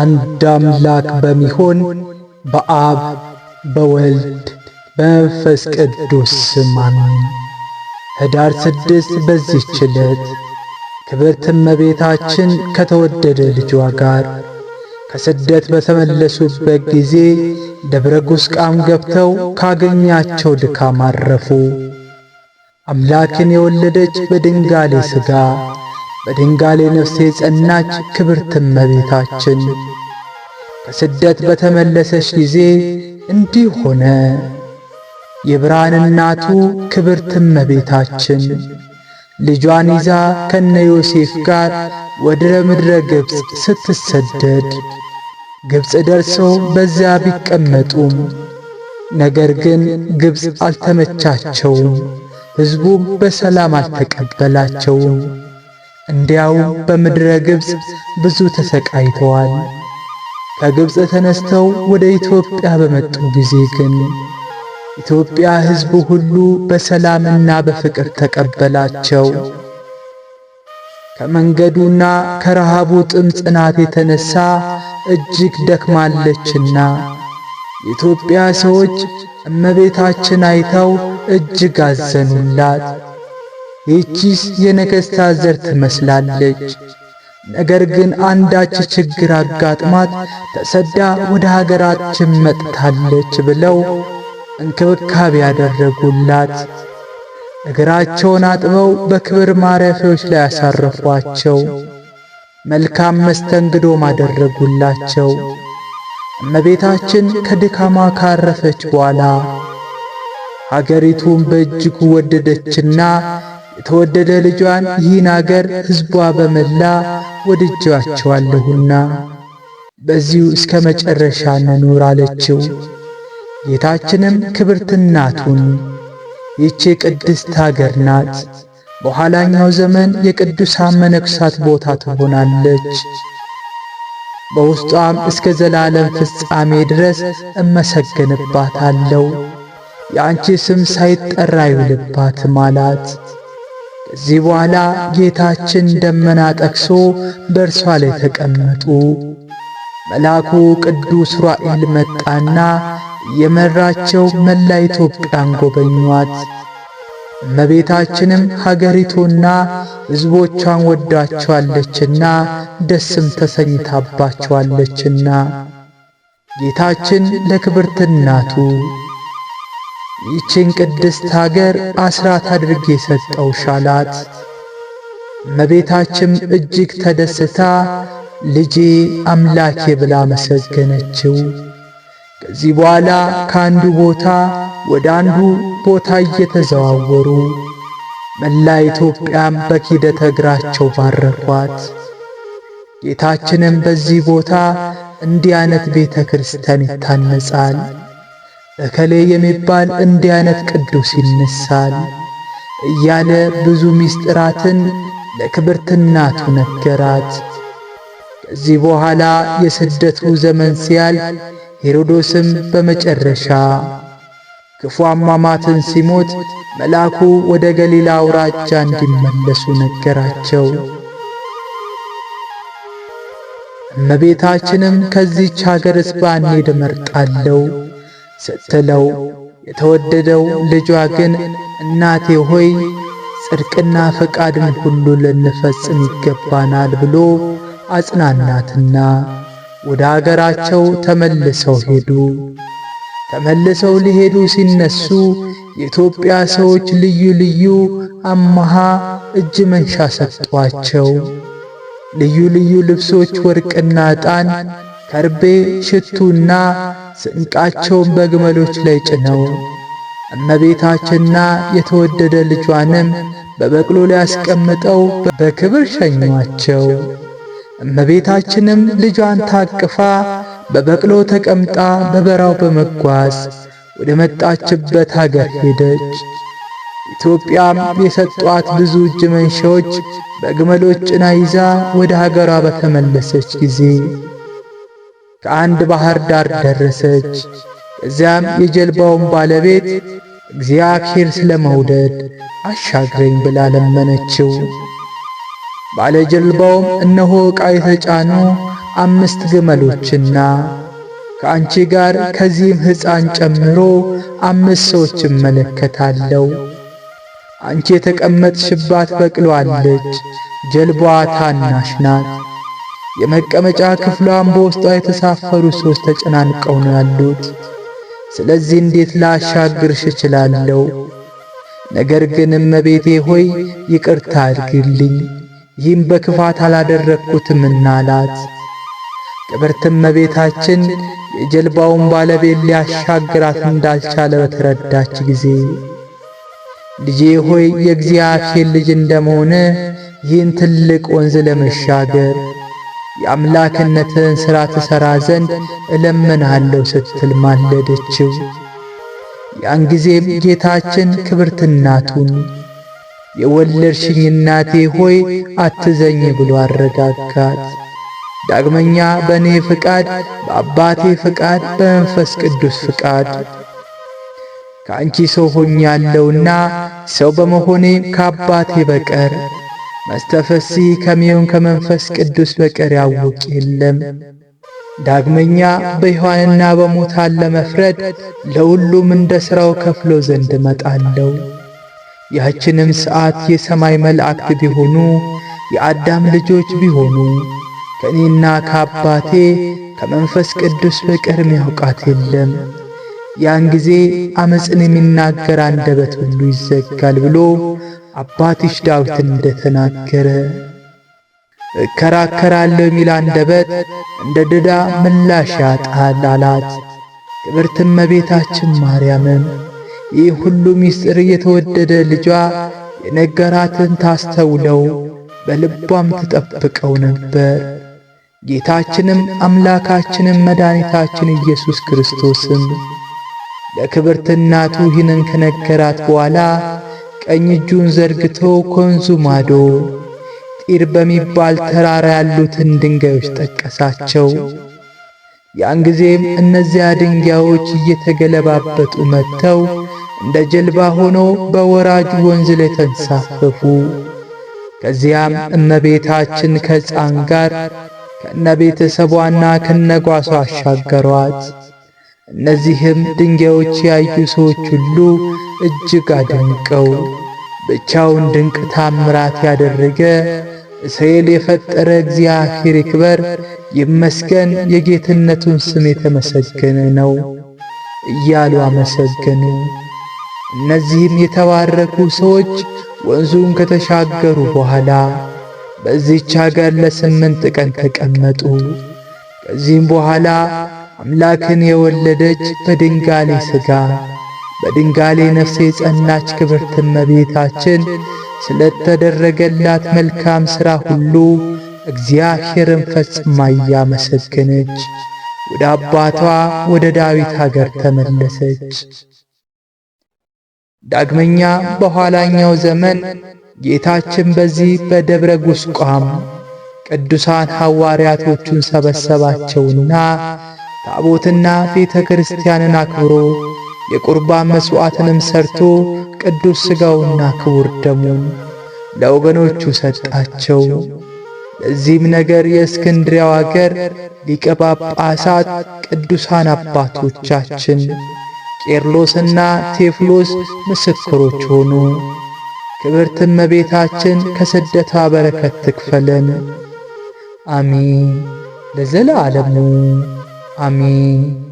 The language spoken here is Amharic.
አንድ አምላክ በሚሆን በአብ በወልድ በመንፈስ ቅዱስ ስም አሜን። ኅዳር ስድስት በዚህች ዕለት ክብርት እመቤታችን ከተወደደ ልጇ ጋር ከስደት በተመለሱበት ጊዜ ደብረ ጉስቃም ገብተው ካገኛቸው ድካም አረፉ። አምላክን የወለደች በድንጋሌ ሥጋ በድንጋሌ ነፍሴ ጸናች ክብርት እመቤታችን። ከስደት በተመለሰች ጊዜ እንዲህ ሆነ። የብርሃን እናቱ ክብርት እመቤታችን ልጇን ይዛ ከነ ዮሴፍ ጋር ወደ ምድረ ግብፅ ስትሰደድ ግብፅ ደርሰው በዚያ ቢቀመጡም ነገር ግን ግብፅ አልተመቻቸውም። ሕዝቡም በሰላም አልተቀበላቸውም። እንዲያው በምድረ ግብፅ ብዙ ተሰቃይተዋል። ከግብፅ ተነስተው ወደ ኢትዮጵያ በመጡ ጊዜ ግን ኢትዮጵያ ሕዝቡ ሁሉ በሰላምና በፍቅር ተቀበላቸው። ከመንገዱና ከረሃቡ ጥም ጽናት የተነሳ እጅግ ደክማለችና የኢትዮጵያ ሰዎች እመቤታችን አይተው እጅግ አዘኑላት። ይቺስ የነገሥታት ዘር ትመስላለች። ነገር ግን አንዳች ችግር አጋጥማት ተሰዳ ወደ ሀገራችን መጥታለች ብለው እንክብካቤ ያደረጉላት፣ እግራቸውን አጥበው በክብር ማረፊያዎች ላይ ያሳረፏቸው፣ መልካም መስተንግዶ ማደረጉላቸው። እመቤታችን ከድካማ ካረፈች በኋላ ሀገሪቱን በእጅጉ ወደደችና የተወደደ ልጇን ይህን አገር ሕዝቧ በመላ ወድጃቸዋለሁና በዚሁ እስከ መጨረሻ እንኑር አለችው። ጌታችንም ክብርት እናቱን ይቺ ቅድስት አገር ናት፣ በኋላኛው ዘመን የቅዱሳን መነኩሳት ቦታ ትሆናለች፣ በውስጧም እስከ ዘላለም ፍጻሜ ድረስ እመሰገንባታለሁ፣ የአንቺ ስም ሳይጠራ ይውልባትም አላት። ከዚህ በኋላ ጌታችን ደመና ጠቅሶ በእርሷ ላይ ተቀመጡ። መልአኩ ቅዱስ ራኤል መጣና የመራቸው መላ ኢትዮጵያን ጎበኟት። እመቤታችንም ሀገሪቱና ሕዝቦቿን ወዳቸዋለችና ደስም ተሰኝታባቸዋለችና ጌታችን ለክብርት እናቱ ይችን ቅድስት ሀገር አስራት አድርጌ የሰጠው ሻላት። መቤታችም እጅግ ተደስታ ልጄ አምላኬ ብላ መሰገነችው። ከዚህ በኋላ ከአንዱ ቦታ ወደ አንዱ ቦታ እየተዘዋወሩ መላ ኢትዮጵያም በኪደተ እግራቸው ባረኳት። ጌታችንም በዚህ ቦታ እንዲህ አይነት ቤተ ክርስቲያን ይታነጻል። እከሌ የሚባል እንዲህ አይነት ቅዱስ ይነሳል እያለ ብዙ ምስጢራትን ለክብርት እናቱ ነገራት። ከዚህ በኋላ የስደቱ ዘመን ሲያልፍ ሄሮዶስም በመጨረሻ ክፉ አሟሟትን ሲሞት መልአኩ ወደ ገሊላ አውራጃ እንዲመለሱ ነገራቸው። እመቤታችንም ከዚህች ሀገርስ ባንሄድ እመርጣለሁ ስትለው የተወደደው ልጇ ግን እናቴ ሆይ ጽድቅና ፈቃድን ሁሉ ልንፈጽም ይገባናል ብሎ አጽናናትና ወደ አገራቸው ተመልሰው ሄዱ። ተመልሰው ሊሄዱ ሲነሱ የኢትዮጵያ ሰዎች ልዩ ልዩ አማሃ እጅ መንሻ ሰጥቷቸው ልዩ ልዩ ልብሶች፣ ወርቅና ዕጣን ከርቤ ሽቱና ስንቃቸውን በግመሎች ላይ ጭነው እመቤታችንና የተወደደ ልጇንም በበቅሎ ላይ አስቀምጠው በክብር ሸኟቸው። እመቤታችንም ልጇን ታቅፋ በበቅሎ ተቀምጣ በበራው በመጓዝ ወደ መጣችበት ሀገር ሄደች። ኢትዮጵያም የሰጧት ብዙ እጅ መንሻዎች በግመሎች ጭና ይዛ ወደ ሀገሯ በተመለሰች ጊዜ ከአንድ ባህር ዳር ደረሰች። እዚያም የጀልባውን ባለቤት እግዚአብሔር መውደድ አሻግረኝ ብላ ለመነችው። ባለጀልባውም እነሆ ዕቃ የተጫኑ አምስት ግመሎችና ከአንቺ ጋር ከዚህም ሕፃን ጨምሮ አምስት ሰዎች እመለከታለሁ። አንቺ የተቀመጥሽባት በቅሎ አለች፣ ጀልባዋ ታናሽ ናት። የመቀመጫ ክፍሏን በውስጧ የተሳፈሩ ሰዎች ተጨናንቀው ነው ያሉት። ስለዚህ እንዴት ላሻግርሽ እችላለሁ? ነገር ግን እመቤቴ ሆይ ይቅርታ አድርግልኝ፣ ይህም በክፋት አላደረግኩትምና አላት። ክብርት እመቤታችን የጀልባውን ባለቤት ሊያሻግራት እንዳልቻለ በተረዳች ጊዜ ልጄ ሆይ የእግዚአብሔር ልጅ እንደመሆነ ይህን ትልቅ ወንዝ ለመሻገር የአምላክነትን ሥራ ትሠራ ዘንድ እለምንሃለሁ ስትል ማለደችው። ያን ጊዜም ጌታችን ክብርት እናቱን የወለድሽኝ እናቴ ሆይ አትዘኝ ብሎ አረጋጋት። ዳግመኛ በእኔ ፍቃድ፣ በአባቴ ፍቃድ፣ በመንፈስ ቅዱስ ፍቃድ ከአንቺ ሰው ሆኛለሁና ሰው በመሆኔ ከአባቴ በቀር መስተፈሲ ከሚሆን ከመንፈስ ቅዱስ በቀር ያውቅ የለም። ዳግመኛ በሕያዋንና በሙታን ለመፍረድ ለሁሉም እንደ ሥራው ከፍሎ ዘንድ እመጣለሁ። ያችንም ሰዓት የሰማይ መላእክት ቢሆኑ የአዳም ልጆች ቢሆኑ ከእኔና ከአባቴ ከመንፈስ ቅዱስ በቀር ሚያውቃት የለም። ያን ጊዜ ዓመፅን የሚናገር አንደበት ሁሉ ይዘጋል ብሎ አባትሽ ዳዊት እንደተናገረ እከራከራለሁ የሚል አንደበት እንደ ድዳ ምላሽ ያጣል አላት። ክብርት እመቤታችን ማርያምም ይህ ሁሉ ምስጢር የተወደደ ልጇ የነገራትን ታስተውለው በልቧም ትጠብቀው ነበር። ጌታችንም አምላካችንም መድኃኒታችን ኢየሱስ ክርስቶስም ለክብርት እናቱ ይህንን ከነገራት በኋላ ቀኝ እጁን ዘርግቶ ከወንዙ ማዶ ጢር በሚባል ተራራ ያሉትን ድንጋዮች ጠቀሳቸው። ያን ጊዜም እነዚያ ድንጋዮች እየተገለባበጡ መጥተው እንደ ጀልባ ሆኖ በወራጅ ወንዝ ላይ ተንሳፈፉ። ከዚያም እመቤታችን ከሕፃን ጋር ከነ ቤተሰቧና ከነጓሷ አሻገሯት። እነዚህም ድንጋዮች ያዩ ሰዎች ሁሉ እጅግ አድንቀው ብቻውን ድንቅ ታምራት ያደረገ እስራኤል የፈጠረ እግዚአብሔር ይክበር ይመስገን፣ የጌትነቱን ስም የተመሰገነ ነው እያሉ አመሰገኑ። እነዚህም የተባረኩ ሰዎች ወንዙን ከተሻገሩ በኋላ በዚህች አገር ለስምንት ቀን ተቀመጡ። ከዚህም በኋላ አምላክን የወለደች በድንጋሌ ሥጋ በድንጋሌ ነፍስ የጸናች ክብርት እመቤታችን ስለተደረገላት መልካም ሥራ ሁሉ እግዚአብሔርን ፈጽማ እያመሰገነች ወደ አባቷ ወደ ዳዊት ሀገር ተመለሰች። ዳግመኛ በኋላኛው ዘመን ጌታችን በዚህ በደብረ ጉስቋም ቅዱሳን ሐዋርያቶቹን ሰበሰባቸውና ታቦትና ቤተ ክርስቲያንን አክብሮ የቁርባን መሥዋዕትንም ሰርቶ ቅዱስ ሥጋውና ክቡር ደሙን ለወገኖቹ ሰጣቸው። ለዚህም ነገር የእስክንድሪያው አገር ሊቀ ጳጳሳት ቅዱሳን አባቶቻችን ቄርሎስና ቴፍሎስ ምስክሮች ሆኑ። ክብርት እመቤታችን ከስደቷ በረከት ትክፈለን፣ አሚን ለዘላለሙ። I mean.